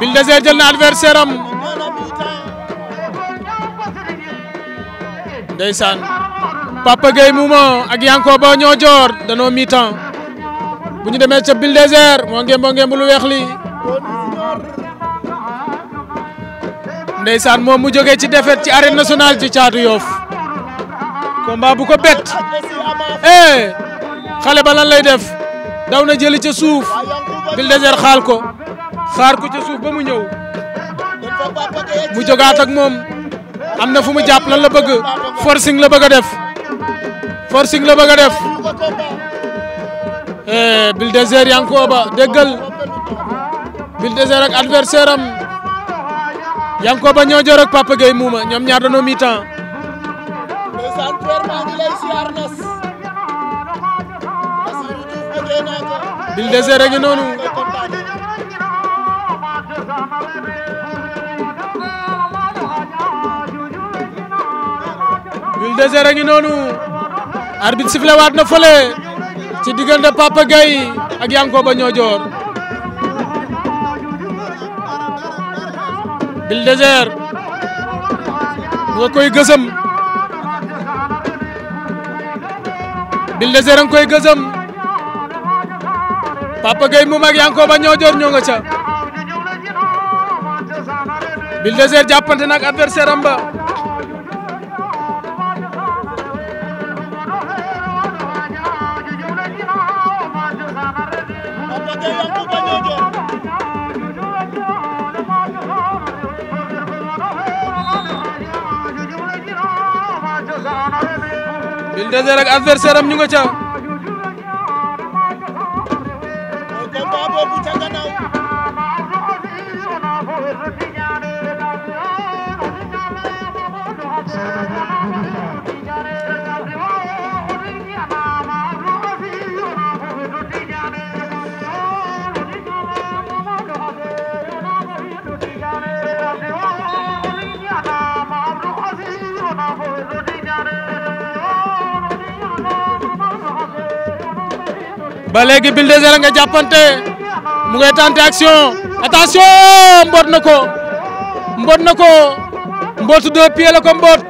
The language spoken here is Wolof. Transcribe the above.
Bulldozer jël na adversaire am ndeysaan Papa Gueye Mouma ak Yankoba ñoo joor danoo bu ñu demee ca Bulldozer moo ngeem moo ngeem bu lu weex li ndeysaan moom mu jógee ci défaite ci arène nationale ci caatu yoof combat bu ko bett eh xale ba lan lay def daw na jëli ca suuf Bulldozer xaal ko xaar ko ca ba mu ñëw mu jogaat moom am na fu mu jàpp la bëgg forcing la bëgg a def forcing la bëgg a def eh Bulldozer Yankoba déggal Bulldozer ak adversaire am Yankoba ñoo jor ak Papa Gueye muuma ñoom ñaar dañoo mi-temps Bulldozer a 2h a ngi noonu arbitre sifflé waat na fële ci diggante Papa Gueye ak Yankoba Niodior Buldozer nga koy gësëm Buldozer nga koy gësëm Papa Gueye mu mag Yankoba Niodior ñoo nga ca Buldozer jàppante nak adversaire am Bulldozer ak adversaire am ñu nga ca combat boobu ca gannaaw ba léegi Buldozer nga jàppante mu ngay tenté action attention mboot na ko mboot na ko mbootu deux pieds ko mboot